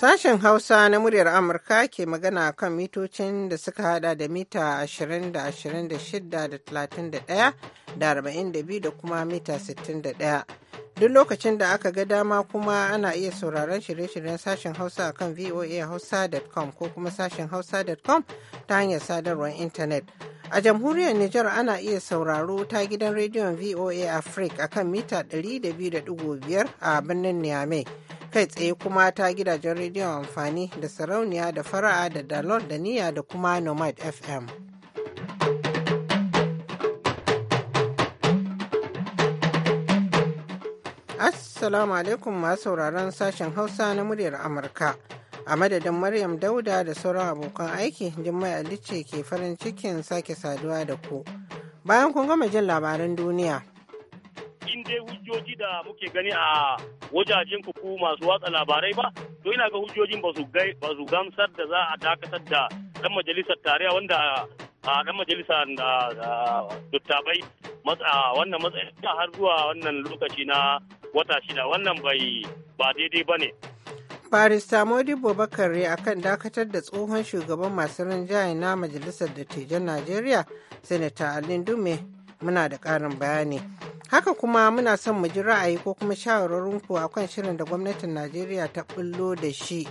Sashen Hausa na muryar Amurka ke magana kan mitocin da suka hada da mita 20 da 26 da 31 da 42 da kuma mita 61. Duk lokacin da aka ga dama kuma ana iya sauraron shirye-shiryen sashen Hausa a akan voahausa.com ko kuma sashen hausa.com ta hanyar sadarwar intanet. A jamhuriyar Nijar ana iya sauraro ta gidan rediyon VOA Africa akan mita 200.5 a birnin Niamey. Kai tsaye kuma ta gidajen rediyon amfani da sarauniya da fara'a da dalon da Niya da kuma Nomad FM. Assalamu alaikum masu sauraron sashen Hausa na muryar Amurka. A madadin Maryam Dauda da sauran abokan aiki, Jummai Ali ce ke farin cikin sake saduwa da ku. Bayan kun gama jin labaran duniya. In dai hujjoji da muke gani a wajajen kuku masu watsa labarai ba, to ina ga hujjojin ba su gamsar da za a dakatar da dan majalisar tarayya wanda a dan majalisar da dattabai wannan matsayin har zuwa wannan lokaci na wata shida wannan bai ba daidai ba ne barista modibo bakare kan dakatar da tsohon shugaban masu rinjaye na majalisar dattijan najeriya sanata alin dume muna da karin bayani haka kuma muna son mu ji ra'ayi ko kuma ku akan shirin da gwamnatin najeriya ta bullo da shi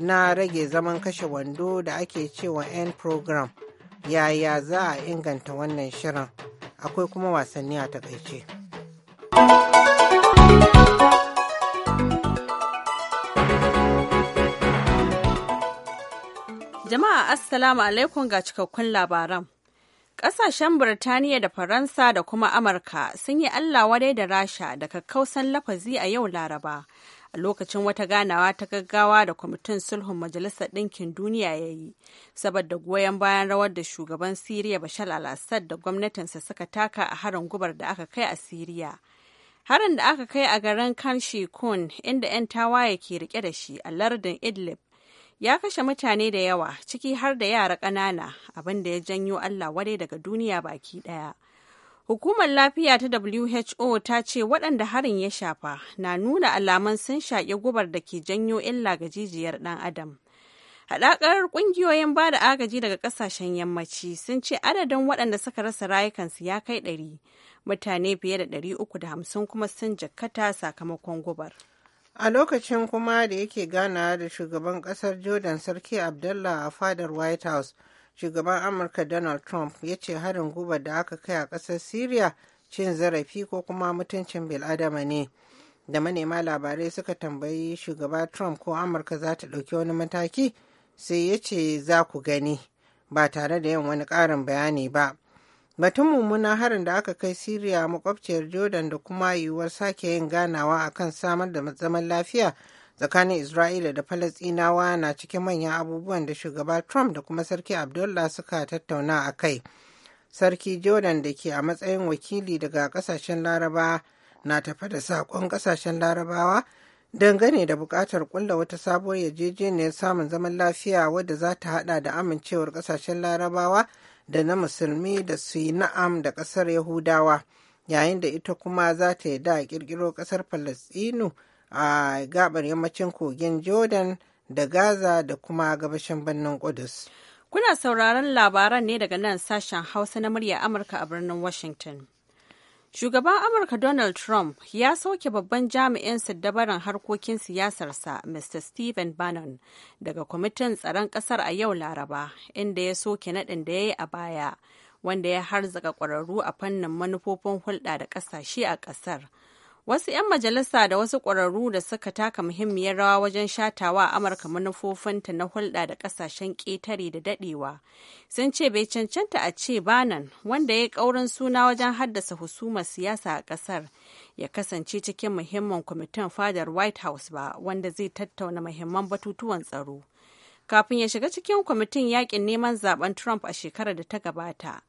na rage zaman kashe wando da ake cewa n program yaya za a inganta wannan shirin akwai kuma wasanni a takaice. Jama'a Assalamu alaikum ga cikakkun labaran. Ƙasashen Birtaniya da Faransa da kuma Amurka sun yi Allah wadai da Rasha da kakkausan lafazi a yau Laraba a lokacin wata ganawa ta gaggawa da kwamitin sulhun Majalisar Ɗinkin Duniya ya yi, saboda goyon bayan rawar da shugaban Siriya Bashar al-Assad da gwamnatinsa suka taka a harin gubar da aka kai a Siriya. Harin da aka kai a garin Kan Shikun inda 'yan tawaye ke rike da shi a lardin Idlib ya kashe mutane da yawa ciki har da yara ƙanana abinda ya janyo Allah wadai daga duniya baki ɗaya. Hukumar lafiya ta WHO ta ce waɗanda harin ya shafa na nuna alaman sun shaƙi gubar da ke janyo illa ga jijiyar ɗan adam. Haɗakar ƙungiyoyin ba da agaji daga ƙasashen yammaci sun ce adadin waɗanda suka rasa rayukansu ya kai ɗari, mutane fiye da ɗari uku da hamsin kuma sun jakkata sakamakon gubar. a lokacin kuma da yake ganawa da shugaban kasar jordan sarki abdullah a fadar white house shugaban amurka donald trump ya ce harin guba da aka kai a kasar syria cin zarafi ko kuma mutuncin bil'adama ne da manema labarai suka tambayi shugaba trump ko amurka za ta ɗauki wani mataki sai ya ce za ku gani ba tare da yin wani ƙarin bayani ba Batun mummunan harin da aka kai Siriya makwabciyar Jordan da kuma yiwuwar sake yin ganawa akan samar da zaman lafiya tsakanin Isra'ila da falastinawa na cikin manyan abubuwan da shugaba Trump da kuma Sarki Abdullah suka tattauna a kai. Sarki Jordan da ke a matsayin wakili daga kasashen Laraba na tafa da saƙon kasashen Larabawa dangane da buƙatar ƙulla wata sabuwar yarjejeniyar samun zaman lafiya wadda za ta haɗa da amincewar kasashen Larabawa da na musulmi da su yi na'am da ƙasar yahudawa yayin da ita kuma za ta da ƙirƙiro ƙasar falastinu a gabar yammacin kogin jordan da gaza da kuma gabashin birnin kudus kuna sauraron labaran ne daga nan sashen hausa na murya amurka a birnin washington Shugaban Amurka Donald Trump ya sauke babban jami'in siddabaran harkokin siyasarsa Mr. Stephen Bannon daga kwamitin tsaron ƙasar a yau Laraba, inda ya soke naɗin da ya yi a baya, wanda ya harzaka ƙwararru a fannin manufofin hulɗa da ƙasashe a ƙasar. Wasu 'yan majalisa da wasu ƙwararru da suka taka muhimmiyar rawa wajen shatawa a Amurka manufofinta na hulɗa da ƙasashen ƙetare da daɗewa sun ce bai cancanta a ce banan wanda ya yi ƙaurin suna wajen haddasa husumar siyasa a ƙasar ya kasance cikin muhimmin kwamitin fadar White House ba wanda zai tattauna muhimman batutuwan tsaro. Kafin ya shiga cikin kwamitin yaƙin neman zaben Trump a shekarar da ta gabata.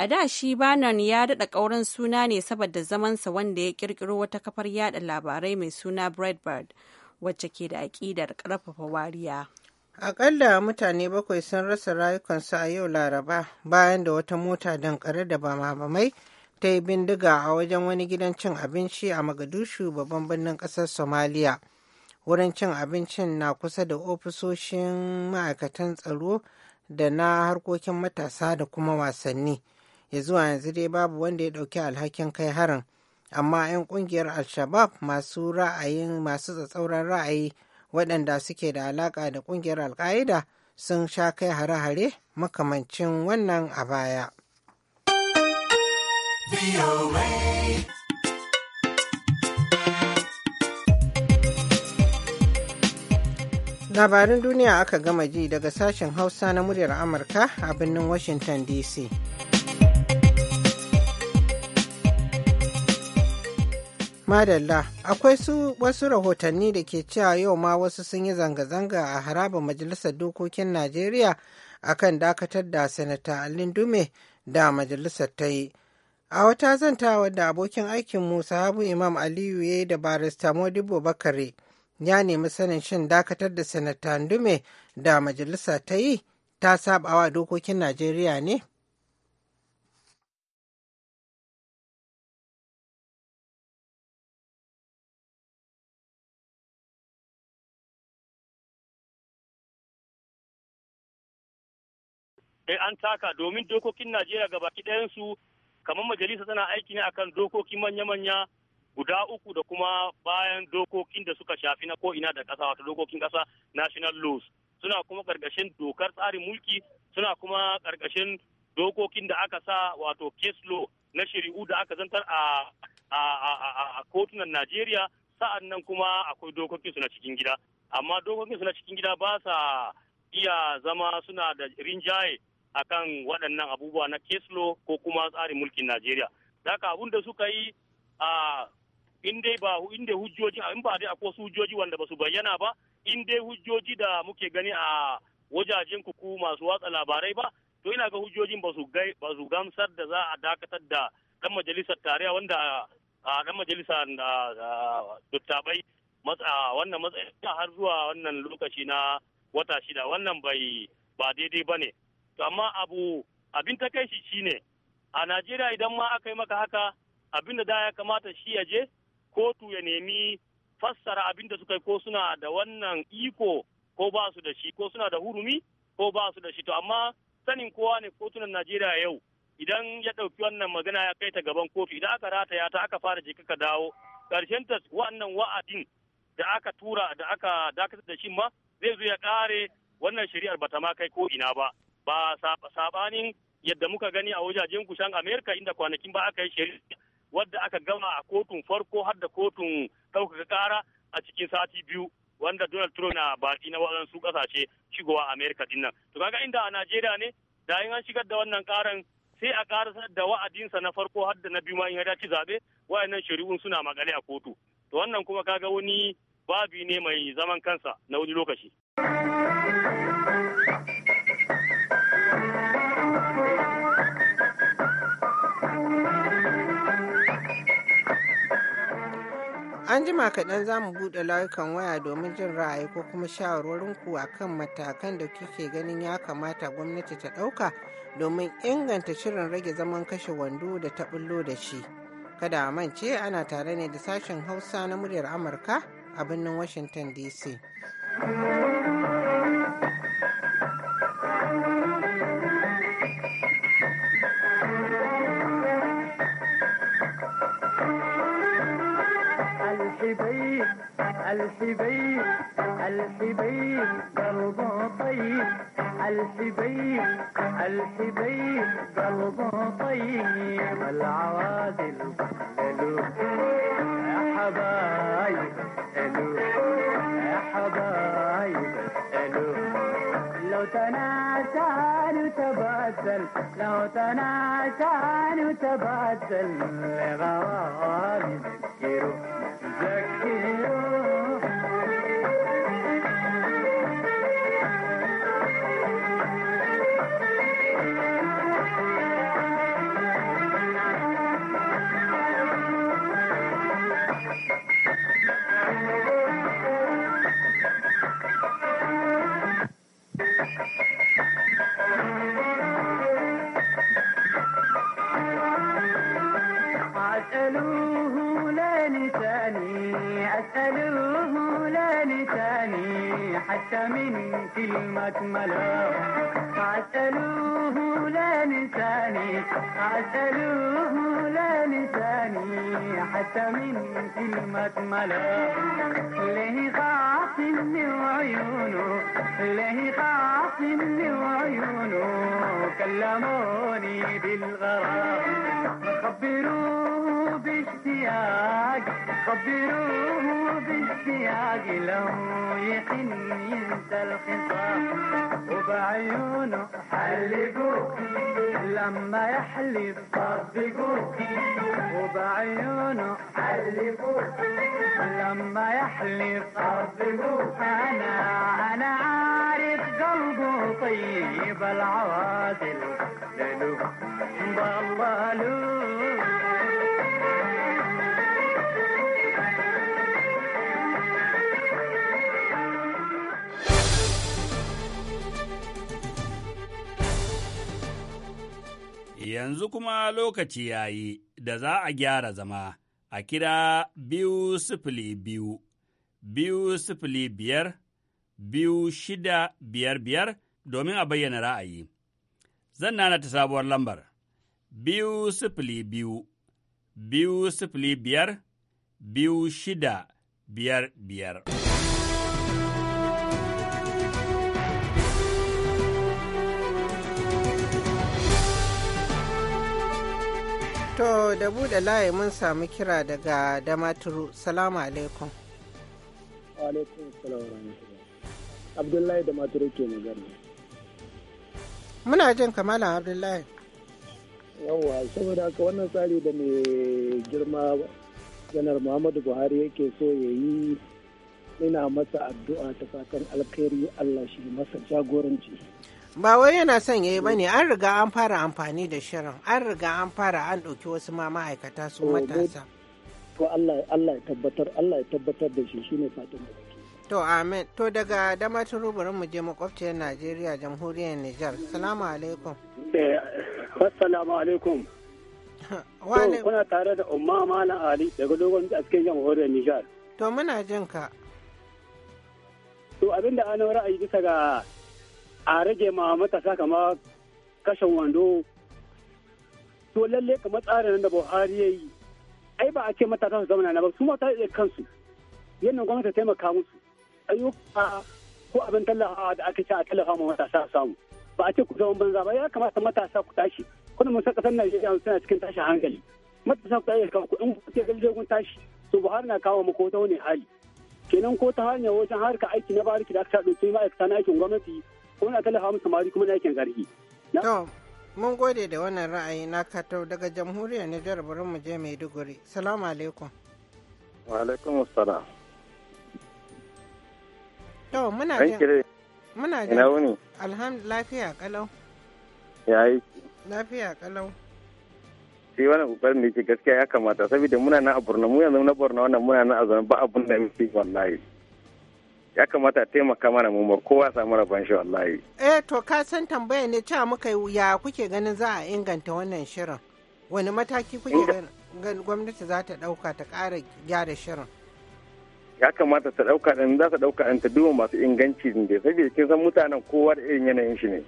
A da shi Bannon ya daɗa ƙaurin suna ne saboda zamansa wanda ya ƙirƙiro wata kafar yada labarai mai suna Breitbart wacce ke da aƙidar ƙarfafa wariya. Aƙalla mutane bakwai sun rasa rayukansu a yau Laraba bayan da wata mota dankare da bama-bamai ta yi bindiga a wajen wani gidan cin abinci a Magadushu babban birnin ƙasar Somalia. Wurin cin abincin na kusa da ofisoshin ma'aikatan tsaro da na harkokin matasa da kuma wasanni. ya zuwa yanzu dai babu wanda ya ɗauki alhakin kai harin amma 'yan ƙungiyar al-shabab masu ra'ayin masu tsatsauran ra'ayi waɗanda suke da alaƙa da ƙungiyar al sun sha kai hare-hare makamancin wannan a baya. Labarin duniya aka gama ji daga sashen Hausa na muryar Amurka a birnin Washington DC. Madalla, akwai su wasu rahotanni da ke cewa yau ma wasu sun yi zanga-zanga a harabar Majalisar Dokokin Najeriya akan dakatar da Sanata Alin Dume da Majalisar ta yi. A wata zanta da abokin aikin Musa Habu Imam Aliyu ya yi da barista Modibo Bakare ya nemi sanin shin dakatar da Sanata Dume da Majalisa ta yi ta sabawa dokokin Najeriya ne? sai an taka domin dokokin Najeriya ga gaba ɗayansu kamar majalisa tana aiki ne akan dokoki manya-manya guda uku da kuma bayan dokokin da suka shafi na ko'ina da ƙasa wato dokokin ƙasa national laws suna kuma ƙarƙashin dokar tsarin mulki suna kuma ƙarƙashin dokokin da aka sa wato case law na shari'u da aka zantar a a kotunan Najeriya sa'an nan kuma akwai dokokin su cikin gida amma dokokin su cikin gida ba sa iya zama suna da rinjaye akan waɗannan abubuwa na keslo ko kuma tsarin mulkin najeriya daka abun da suka yi a in dai ba in dai hujjoji in ba dai akwai su hujjoji wanda ba su bayyana ba in dai hujjoji da muke gani a wajajen ku masu watsa labarai ba to ina ga hujjojin ba su gamsar da za a dakatar da dan majalisar tarayya wanda a dan majalisa dattabai wannan matsayin har zuwa wannan lokaci na wata shida wannan bai ba daidai ba ne amma abu abin ta kai shi shine a najeriya idan ma aka yi maka haka abin da ya kamata shi ya je kotu ya nemi fassara abin da suka yi ko suna da wannan iko ko ba su da shi ko suna da hurumi ko ba su da shi to amma sanin kowa ne kotunan najeriya yau idan ya ɗauki wannan magana ya kai ta gaban kotu idan aka rataya ta aka fara je ka dawo karshen ta wannan wa'adin da aka tura da aka dakatar da shi ma zai zo ya ƙare wannan shari'ar bata ma kai ko ina ba ba sabanin yadda muka gani a wajajen kushan amerika inda kwanakin ba aka yi shari'a wadda aka gama a kotun farko har da kotun ɗaukaka ƙara a cikin sati biyu wanda donald trump na baki na waɗansu ƙasashe shigowa amerika din nan to kaga inda a najeriya ne da in an shigar da wannan ƙaran sai a ƙarasar da wa'adinsa na farko har da na biyu ma in ya ci zaɓe wayannan shari'un suna magale a kotu to wannan kuma kaga wani babi ne mai zaman kansa na wani lokaci. An jima kaɗan za mu buɗe layukan waya domin jin ra'ayi ko kuma shawarwarinku a kan matakan da kike ganin ya kamata gwamnati ta ɗauka domin inganta shirin rage zaman kashe wando da ta ɓullo da shi. Kada a mance ana tare ne da sashen Hausa na muryar Amurka a birnin Washington DC. الحبيب الحبيب قلبه طيب الحبيب الحبيب قلبه طيب العوادل الو يا حبايب الو يا حبايب الو لو تناسى نتبادل لو تناسى نتبادل غوامي ذكروا ذكروا حتى من كلمة ملا عسلوه لا نساني عسلوه لا نساني حتى من كلمة ملا ليه خاطي من عيونه إلهي خاص من عيونه كلموني بالغرام خبروه باشتياق خبروه باشتياق لو يحن ينسى الخصام وبعيونه حلقوك لما يحلف صدقوك وبعيونه حلقوك لما يحلف صدقوك أنا أنا عارف قلبه طيب العواطل لالو بالله Yanzu kuma lokaci ya yi da za a gyara zama a kira biyu sifili biyu. biyu sifili biyar biyu shida biyar biyar domin a bayyana ra'ayi. Zan nana ta sabuwar lambar biyu sifili biyu biyu sifili biyar biyu shida biyar biyar. To da buɗe layi mun samu kira daga Damaturu. Salamu alaikum. alaikum salam abdullahi da maturu ke magana muna jin kamala abdullahi yawwa saboda haka wannan tsari da mai girma janar muhammadu buhari yake so ya yi ina masa addu'a ta fatan alkhairi allah shi masa jagoranci ba wai yana son ya yi ba an riga an fara amfani da shirin an riga an fara an ɗauki wasu ma ma'aikata su matasa to Allah Allah ya tabbatar Allah ya tabbatar da shi shine fatan da kake to amen. to daga damaturu bari mu je makwabciyar Najeriya jamhuriyar Nijar salamu alaikum eh assalamu alaikum Wani kuna tare da umma malam ali daga dogon a cikin jamhuriyar Nijar to muna jin ka to abinda an ra'ayi bisa ga a rage ma matasa kama kashin wando to lalle kamar tsarin da Buhari ya yi ai ba a ce matasa su zauna na ba su mata da kansu yadda gwamnati taimaka musu ayyuka ko abin tallafawa da aka ce a tallafa ma matasa samu ba a ce ku zama banza ba ya kamata matasa ku tashi kuna mun san kasar Najeriya suna cikin tashi hankali matasa ku tashi kan kuɗin kuke kun tashi to Buhari na kawo ko ta wani hali kenan ko ta hanyar wajen harka aiki na bariki da aka sa ɗauki ma'aikata na aikin gwamnati ko na tallafa musu mari kuma na aikin zargi. Mun gode da wannan ra'ayi na katau daga jamhuriyar Nijar bari mu je Maiduguri. Salamu alaikum. Wa alaikum assalam. To muna jin. Muna jin. Ina wuni. lafiya kalau. Ya yi. Lafiya kalau. sai wani kokarin da yake gaskiya ya kamata saboda muna na a Borno mu yanzu na Borno wannan muna na a zaune ba abun da muke wallahi ya kamata taimaka mana mu kowa samu rabon shi wallahi eh to ka san tambaya ne cewa muka ya kuke ganin za a inganta wannan shirin wani mataki kuke ganin gwamnati za ta dauka ta ƙara gyara shirin ya kamata ta dauka din za ta dauka din ta duba masu inganci din da saboda kin san mutanen kowa da irin yanayin shi ne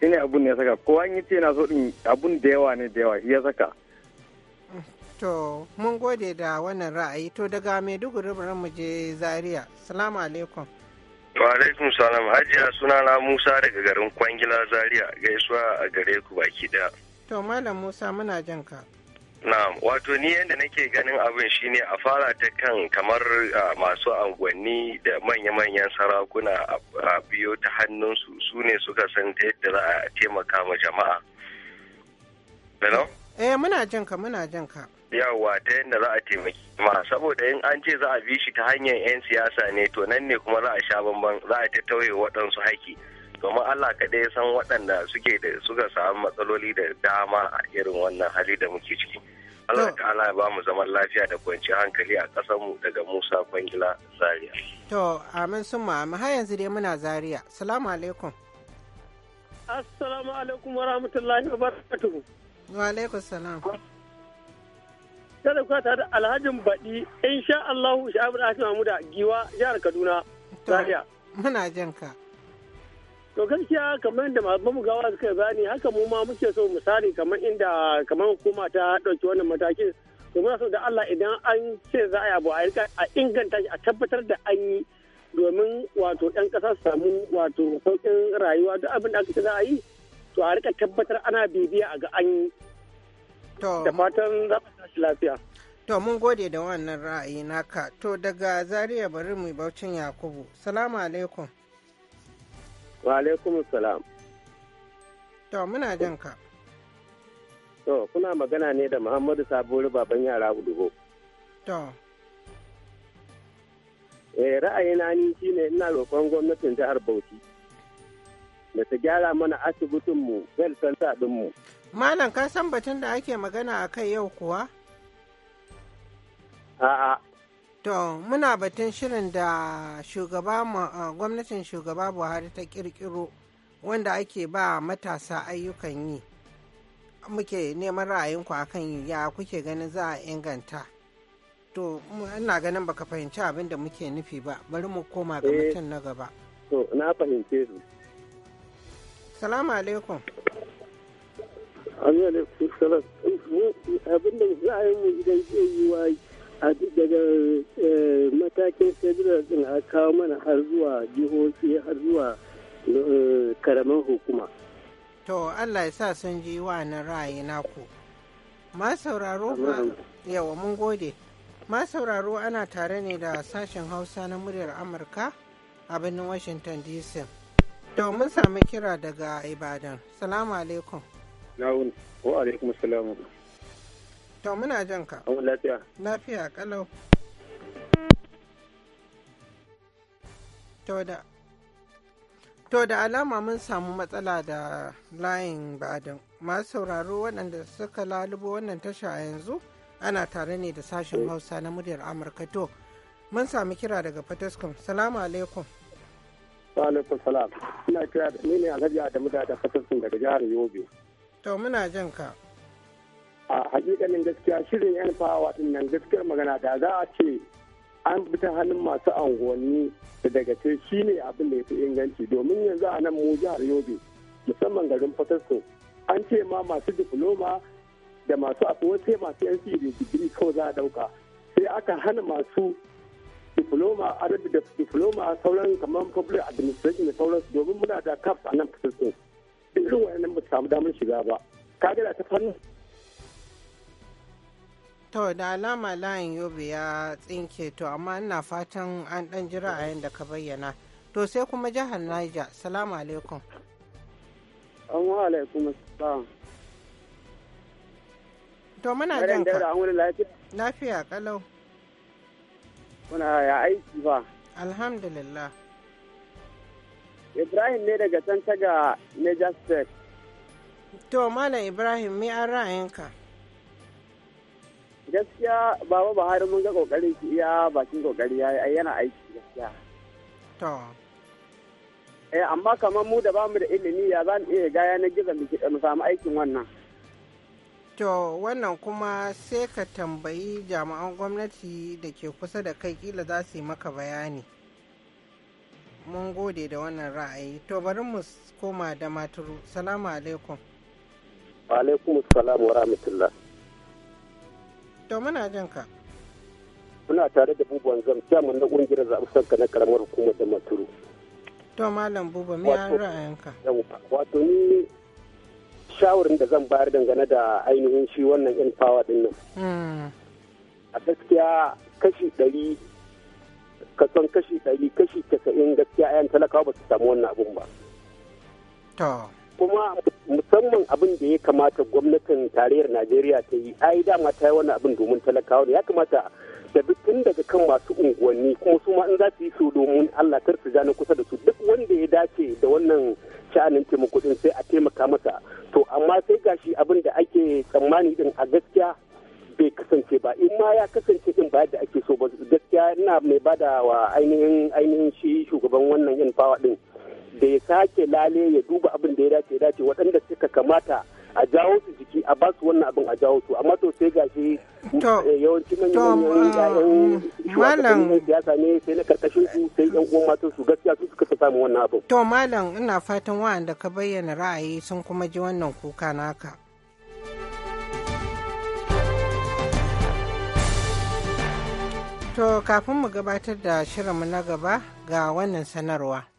shine abun ne saka kowa in yace yana so din abun da yawa ne da yawa shi ya saka To, mun gode da wannan ra'ayi to daga Maiduguri bari mu je Zaria. Salamu alaikum. Wa alaikum salam. Hajiya suna na Musa daga garin Kwangila Zaria gaisuwa a gare ku baki daya. To, Malam Musa muna jin ka. na wato ni yadda nake ganin abin shine a fara ta kan kamar masu angwanni da manya-manyan sarakuna a biyo ta hannunsu su ne suka san ta yadda za a taimaka ma jama'a. Eh muna jinka muna jinka. yawa ta yadda za a taimaki ma saboda in an ce za a bi shi ta hanyar 'yan siyasa ne to nan ne kuma za a sha bamban za a tauye waɗansu haƙƙi domin Allah kaɗai ya san waɗanda suke da suka samu matsaloli da dama a irin wannan hali da muke ciki Allah ta'ala ala ba mu zaman lafiya da kwanciyar hankali a mu daga Musa Kwangila Zaria to amin sun ma'amu har yanzu dai muna Zaria salamu alaikum assalamu alaikum wa rahmatullahi wa barakatuhu wa alaikum salam ta da kuka da alhajin baɗi in sha Allahu sha'abu da mamu da giwa jihar Kaduna. Zaria. Muna jan ka. To gaskiya kamar da mamu gawa suka bayani haka mu ma muke so misali kamar inda kamar hukuma ta ɗauki wannan matakin to muna so da Allah idan an ce za a yi abu a inganta shi a tabbatar da an yi domin wato 'yan ƙasa su samu wato sauƙin rayuwa duk abin da aka ce za a yi to a rika tabbatar ana bibiya a ga an yi da matan za su lafiya to mun gode da wannan ra'ayi naka to daga zaria bari mu baucin yakubu salamu alaikum wa alaikum salam to muna jin ka to kuna magana ne da muhammadu sabuwar baban yara hudu to eh ra'ayina ni shine ina roƙon gwamnatin jihar bauchi da ta gyara mana asibitinmu bel santa ɗinmu. Malam ka san batun da ake magana a kai yau kuwa? A'a. To, muna batun shirin da shugaba gwamnatin shugaba Buhari ta ƙirƙiro wanda ake ba matasa ayyukan yi. Muke neman ra'ayinku a kan ya kuke ganin za a inganta. To, ina ganin baka fahimci abin da muke nufi ba, bari mu koma ga mutum eh. na gaba. To, na fahimce su. salamu alaikum Amin alaikum salam. Abin da mu idan zai yi wa daga eh, matakin federal din a kawo mana har zuwa jihohi har zuwa eh, karaman hukuma. To Allah ya sa sun ji wa na ra'ayi naku. Ma sauraro yawa mun gode. Ma sauraro ana tare ne da sashen Hausa na muryar Amurka a birnin Washington DC. to mun sami kira daga ibadan salamu alaikum na'un wa alaikum salamu to muna jan ka an lafiya lafiya kalau to da to da alama mun samu matsala da layin badan masu sauraro waɗanda suka lalubo wannan tasha a yanzu ana tare ne da sashen eh. hausa na muryar amurka to mun sami kira daga fataskum salamu alaikum alaikum salam ina kira ni ne alhaji adamu da da fatarsun daga jihar yobe to muna jin ka a hakikanin gaskiya shirin yan fawa din nan gaskiyar magana da za a ce an bi ta hannun masu anguwanni da daga ce shi ne abin da ya fi inganci domin yanzu a nan mu jihar yobe musamman garin fatarsun an ce ma masu diploma da masu abuwa sai masu yan digiri kawai za a dauka sai aka hana masu diploma arabi da diploma a sauran kamar public administration da su domin muna da caps a nan kasar duk irin nan ba samu damar shiga ba ka da ta fannin To da alama layin yobe ya tsinke to amma ina fatan an dan jira a yadda ka bayyana. To sai kuma jihar Niger, salamu alaikum. An wa alaikum assalam. To muna jan ka. Lafiya kalau. Kuna ya aiki ba. Alhamdulillah. Ibrahim ne daga can taga Major State. To, Malam Ibrahim, me an ra'ayinka? Gaskiya, Baba Buhari mun ga kokarin shi iya bakin kokari ya yana aiki gaskiya. To. Eh, amma kamar mu da bamu da ilimi ya za iya gaya na gizo mu samu aikin wannan. to wannan kuma sai ka tambayi jami'an gwamnati da ke kusa da kai kila za su yi maka bayani mun gode da wannan ra'ayi to bari mu koma da maturu salamu alaikum wa alaikum salam wa rahmatullah to muna jin ka muna tare da bubuwan zam mun na zaɓi sanka na karamar hukumar da maturu to malam buba mai an ra'ayinka wato ni shawarin da zan bayar dangane da ainihin shi wannan in power din nan hmm. a gaskiya kashi ɗari kason kashi ɗari kashi casa'in gaskiya yan talakawa ba su samu wannan abun ba kuma musamman abin da ya kamata gwamnatin tarayyar najeriya ta yi ai dama ta yi wannan abin domin talakawa ne ya kamata da tun daga kan masu unguwanni kuma su ma in za su yi su domin allah kar su ja na kusa da su duk wanda ya dace da wannan sha'anin taimako kuɗin sai a taimaka masa to amma sai gashi abin da ake tsammani din a gaskiya bai kasance ba in ma ya kasance din ba da ake so ba gaskiya ina mai bada wa ainihin ainihin shi shugaban wannan yin fawa din da ya sake lale ya duba abin da ya dace ya dace waɗanda suka kamata a jawo su jiki a ba su wannan abin a jawo su amma to sai gashi eh, yawanci manyan mm, malam siyasa ne sai na karkashin su sai yan uwan mata su gaskiya su suka samu wannan abin to malam ina fatan wa'anda ka bayyana ra'ayi sun kuma ji wannan kuka naka To kafin mu gabatar da shirinmu na gaba ga wannan sanarwa.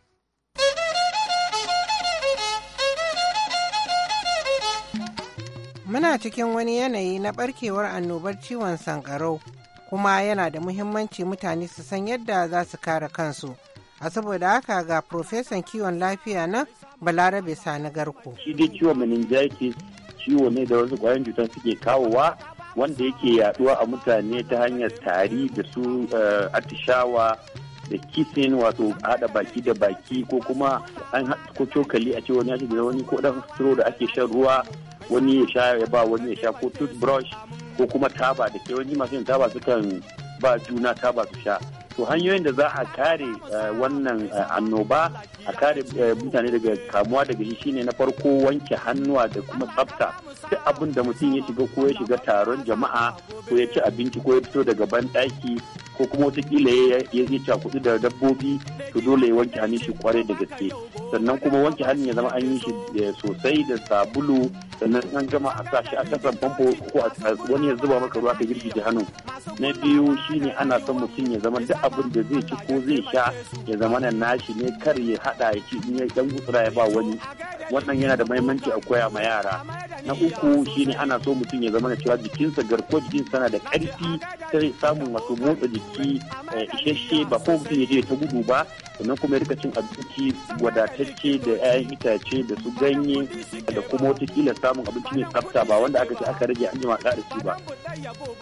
Muna cikin wani yanayi na barkewar annobar ciwon sankarau kuma yana da muhimmanci mutane su san yadda za su kare kansu. A saboda haka ga Profesan kiwon lafiya na Balarabe Sani Garko. Shi dai ciwon meningitis ciwo ne da wasu ƙwayoyin cutar suke kawowa wanda yake yaduwa a mutane ta hanyar tari da su eh, atishawa da kisin wato hada baki da baki ko kuma an ko cokali a ce wani da wani ko dan suro da ake shan ruwa wani ya sha ya ba wani ya sha ko toothbrush ko kuma taba da ke wani masu yin taba sukan ba juna taba su sha to hanyoyin da za a kare eh, wannan eh, annoba a kare eh, mutane daga kamuwa daga shi shine na farko wanke hannuwa da kuma tsafta duk abin da mutum ya shiga ko ya shiga taron jama'a ko ya ci abinci ko ya fito daga banɗaki ko kuma watakila ya yi cakudu da dabbobi to dole ya wanke hannun shi kwarai da gaske sannan kuma wanke hannun ya zama an yi shi eh, sosai da sabulu sannan an gama a sa shi a kasan famfo ko wani ya zuba maka ruwa ka girgije hannun na biyu shine ana son mutum ya zama duk abin da zai ci ko zai sha ya zama na nashi ne kar ya haɗa ya ci in ya ɗan gutsura ya ba wani wannan yana da mahimmanci a koya ma yara na uku shine ana so mutum ya zama cewa jikinsa garko jikin sana da ƙarfi sai samun wato motsa jiki eh, isasshe ba ko mutum ya je ta gudu ba sannan kuma ya cin abinci wadatacce da 'ya'yan itace da su ganye da kuma watakila samun abinci mai tsafta ba wanda aka ce aka rage an jima ƙara ci ba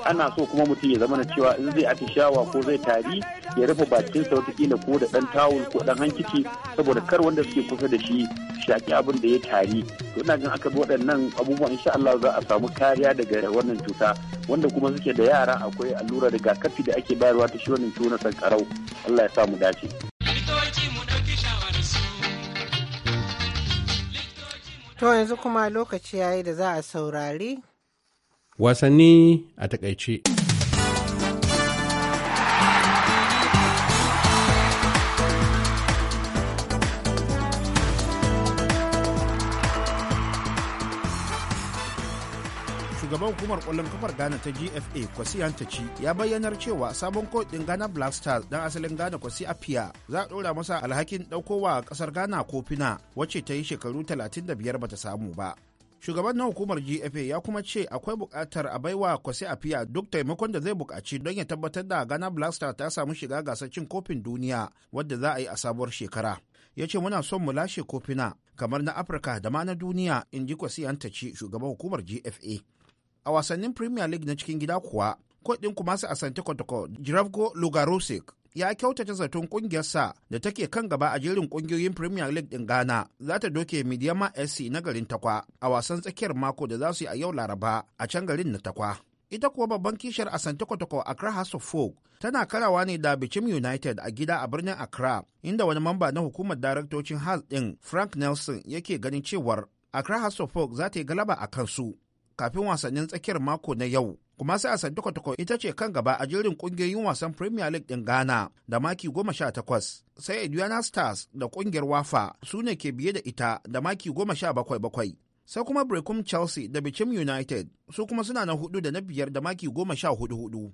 ana so kuma mutum ya zama na cewa in zai atishawa ko zai tari ya rufe bakinsa wataƙila ko da ɗan tawul ko ɗan hankici saboda kar wanda suke kusa da shi shaƙi abin da ya tari to ina gan aka bi waɗannan abubuwan insha Allah za a samu kariya daga wannan cuta wanda kuma suke da yara akwai allura rigakafi da ake bayarwa ta shi wannan ciwo na sankarau Allah ya sa mu dace To yanzu kuma lokaci yayi da za a saurari. Wasanni a takaice. shugaban hukumar kwallon kafar ghana ta gfa kwasi yantaci ya bayyanar cewa sabon kodin ghana black stars dan asalin ghana kwasi apia za a dora masa alhakin daukowa kasar ghana kofina wacce ta yi shekaru 35 bata samu ba shugaban na hukumar gfa ya kuma ce akwai bukatar a baiwa kwasi apia duk taimakon da zai bukaci don ya tabbatar da ghana black stars ta samu shiga gasar cin kofin duniya wadda za a yi a sabuwar shekara ya ce muna son mu lashe kofina kamar na afirka da ma na duniya in ji kwasi yantaci shugaban hukumar gfa a wasannin premier league na cikin gida kuwa kodin kuma su asante kotoko jirafko lugarusik ya kyautata zaton kungiyarsa da take kan gaba a jerin kungiyoyin premier league din ghana za ta doke midiyama sc na garin takwa a wasan tsakiyar mako da za su yi a yau laraba a can garin na takwa ita kuwa babban kishiyar asante kotoko accra house of folk tana karawa ne da bichim united a gida a birnin accra inda wani mamba na hukumar daraktocin Hals din frank nelson yake ganin cewar accra house of folk za ta yi galaba a kansu kafin wasannin tsakiyar mako na yau. Kuma sai a ita ce kan gaba a jerin kungiyoyin wasan Premier League ɗin Ghana da maki goma sha takwas. Sai eduana Stars da kungiyar Wafa su ne ke biye da ita da maki goma sha bakwai bakwai. Sai kuma Brecum Chelsea da Bichim United su kuma suna na hudu da na biyar da maki goma sha hudu hudu.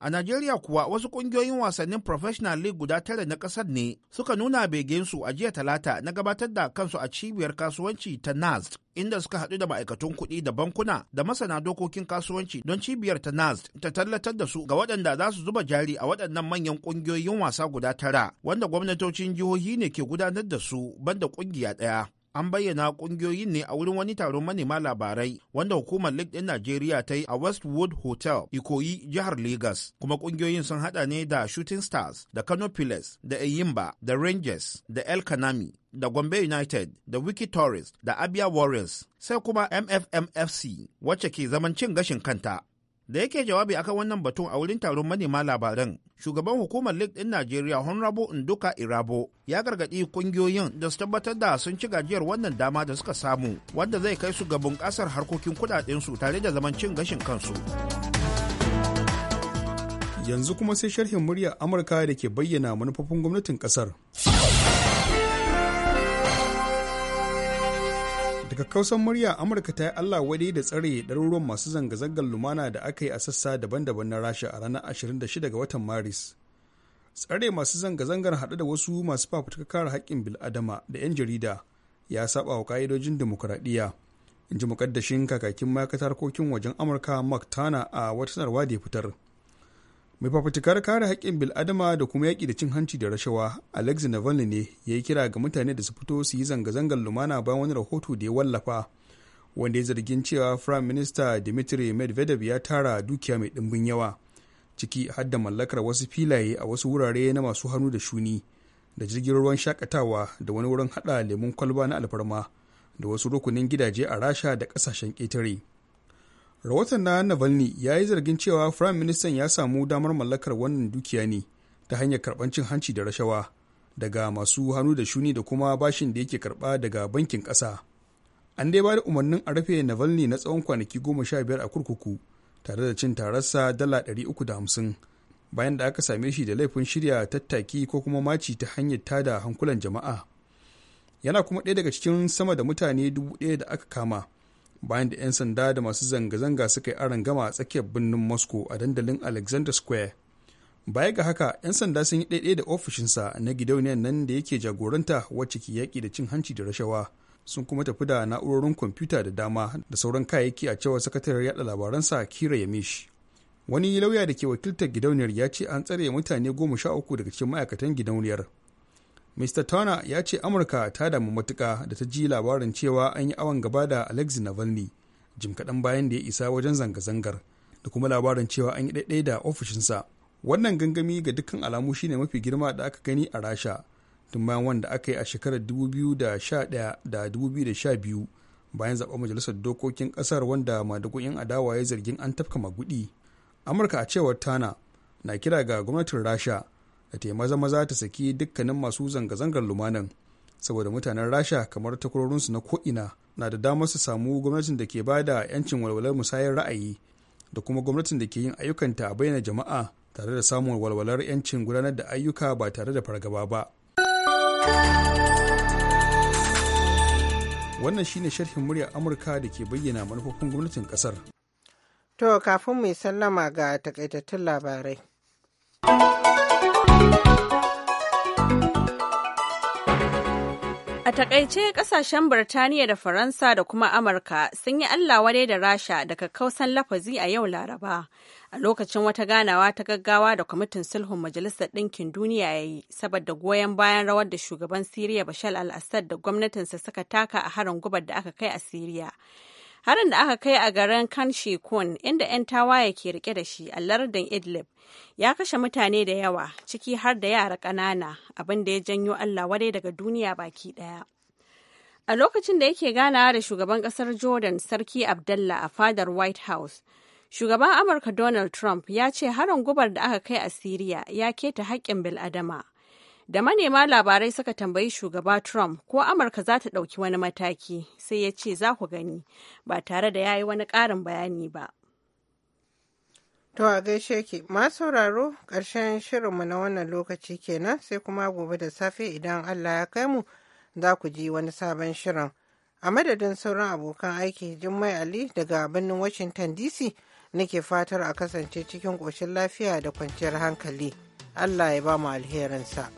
A Najeriya kuwa wasu ƙungiyoyin wasannin Professional League guda tara na ƙasar ne suka nuna begensu a jiya talata na gabatar da kansu a cibiyar kasuwanci ta NASD inda suka haɗu da ma'aikatun kuɗi da bankuna da masana dokokin kasuwanci don cibiyar ta NASD ta tallatar da su ga waɗanda za su zuba jari a waɗannan manyan ƙungiyoyin wasa guda tara wanda gwamnatocin jihohi ne ke gudanar da su banda ƙungiya ɗaya. an bayyana kungiyoyin ne a wurin wani taron manema labarai wanda hukumar Lik din najeriya ta yi a westwood hotel ikoyi jihar lagos kuma kungiyoyin sun hada ne da shooting stars da kano pilas da eyimba da rangers da el kanami da Gombe United da Wiki Tourist, da Abia Warriors sai kuma MFMFC wacce ke zaman cin gashin kanta. da yake jawabi akan wannan batun a wurin taron manema labaran shugaban hukumar league din najeriya honorable nduka irabo ya gargadi kungiyoyin da su tabbatar da sun ci gajiyar wannan dama da suka samu wanda zai kai su ga bunƙasar harkokin su tare da zaman cin gashin kansu yanzu kuma sai sharhin muryar amurka da ke bayyana manufofin gwamnatin kasar. daga kausan murya amurka ta yi allah wadai da tsare ɗaruruwan masu zanga-zangar lumana da aka yi a sassa daban-daban na rasha a ranar 26 ga watan maris tsare masu zanga-zangar haɗe da wasu masu fafutuka kare haƙƙin bil'adama da 'yan jarida ya saba wa ƙa'idojin dimokuraɗiyya in ji mukaddashin kakakin ma'aikatar harkokin wajen amurka mark tana a wata sanarwa da ya fitar mai fafutukar kare haƙƙin bil'adama da kuma yaƙi da cin hanci da rashawa alex navalny ne ya yi kira ga mutane da su fito su yi zanga-zangar lumana bayan wani rahoto da ya wallafa wanda ya zargin cewa prime minister dimitri medvedev ya tara dukiya mai ɗimbin yawa ciki har da mallakar wasu filaye a wasu wurare na masu hannu da shuni da jirgin ruwan shakatawa da wani wurin hada lemun kwalba na alfarma da wasu rukunin gidaje a rasha da ƙasashen ƙetare rahoton na navalny ya yi zargin cewa firayim ministan ya samu damar mallakar wannan dukiya ne ta hanyar karɓar cin hanci da rashawa daga masu hannu da shuni da kuma bashin da yake karɓa daga bankin ƙasa an dai ba da umarnin a rufe navalny na tsawon kwanaki goma sha biyar a kurkuku tare da cin tararsa dala ɗari uku da hamsin bayan da aka same shi da laifin shirya tattaki ko kuma maci ta hanyar tada hankulan jama'a yana kuma ɗaya daga cikin sama da mutane dubu ɗaya da aka kama bayan da 'yan sanda da masu zanga-zanga suka yi aron gama a tsakiyar birnin moscow a dandalin alexander square baya ga haka 'yan sanda sun yi ɗaiɗai da ofishinsa na gidauniyar nan da yake jagoranta wacce ke yaƙi da cin hanci da rashawa sun kuma tafi da na'urorin kwamfuta da dama da sauran kayayyaki a cewar sakataren yada labaransa kira ya yamish wani lauya da ke wakiltar gidauniyar ya ce an tsare mutane goma sha uku daga cikin ma'aikatan gidauniyar Mr. Turner ya ce Amurka ta damu matuka da ta ji labarin cewa an yi awon gaba da alexi Navalny jim kaɗan bayan da ya isa wajen zanga-zangar da kuma labarin cewa an yi ɗaiɗai da ofishinsa. Wannan gangami ga dukkan alamu shine mafi girma da aka gani a Rasha tun bayan wanda aka yi a shekarar 2011 da 2012 bayan zaɓen majalisar dokokin ƙasar wanda madagun 'yan adawa ya zargin an tafka maguɗi Amurka a cewar Tana na kira ga gwamnatin Rasha da ta maza maza ta saki dukkanin masu zanga-zangar lumanan saboda mutanen rasha kamar takwarorinsu na ko'ina na da damar su samu gwamnatin da ke bada yancin walwalar musayar ra'ayi da kuma gwamnatin da ke yin ayyukanta a bayyana jama'a tare da samun walwalar yancin gudanar da ayyuka ba tare da fargaba ba wannan shine sharhin muryar amurka da ke bayyana manufofin gwamnatin kasar to kafin mu sallama ga takaitattun labarai A takaice kasashen Birtaniya da Faransa da kuma Amurka sun yi Allah wadai da Rasha daga kausan lafazi a yau Laraba a lokacin wata ganawa ta gaggawa da kwamitin sulhun Majalisar Ɗinkin Duniya ya yi saboda goyon bayan rawar da shugaban Siriya Bashar al-Assad da gwamnatinsa suka taka a harin gubar da aka kai a Siriya. harin da aka kai a garin Shekun inda 'yan tawaye ke rike da shi a lardin idlib ya kashe mutane da yawa ciki har da yara ƙanana abin da ya janyo allah wadai daga duniya baki daya. a lokacin da yake ganawa da shugaban ƙasar jordan sarki abdullah a fadar white house shugaban amurka donald trump ya ce harin gubar da aka kai a syria ya keta haƙƙin bil'adama Da manema labarai suka tambayi shugaba Trump ko Amurka za ta ɗauki wani mataki sai ya ce za ku gani ba tare da ya yi wani ƙarin bayani ba. To a gaishe ki, ma sauraro ƙarshen shirinmu na wannan lokaci kenan sai kuma gobe da safe idan Allah ya kai mu za ku ji wani sabon shirin. A madadin sauran abokan aiki Jummai Ali daga birnin Washington DC nake fatar a kasance cikin ƙoshin lafiya da kwanciyar hankali. Allah ya ba mu alherinsa.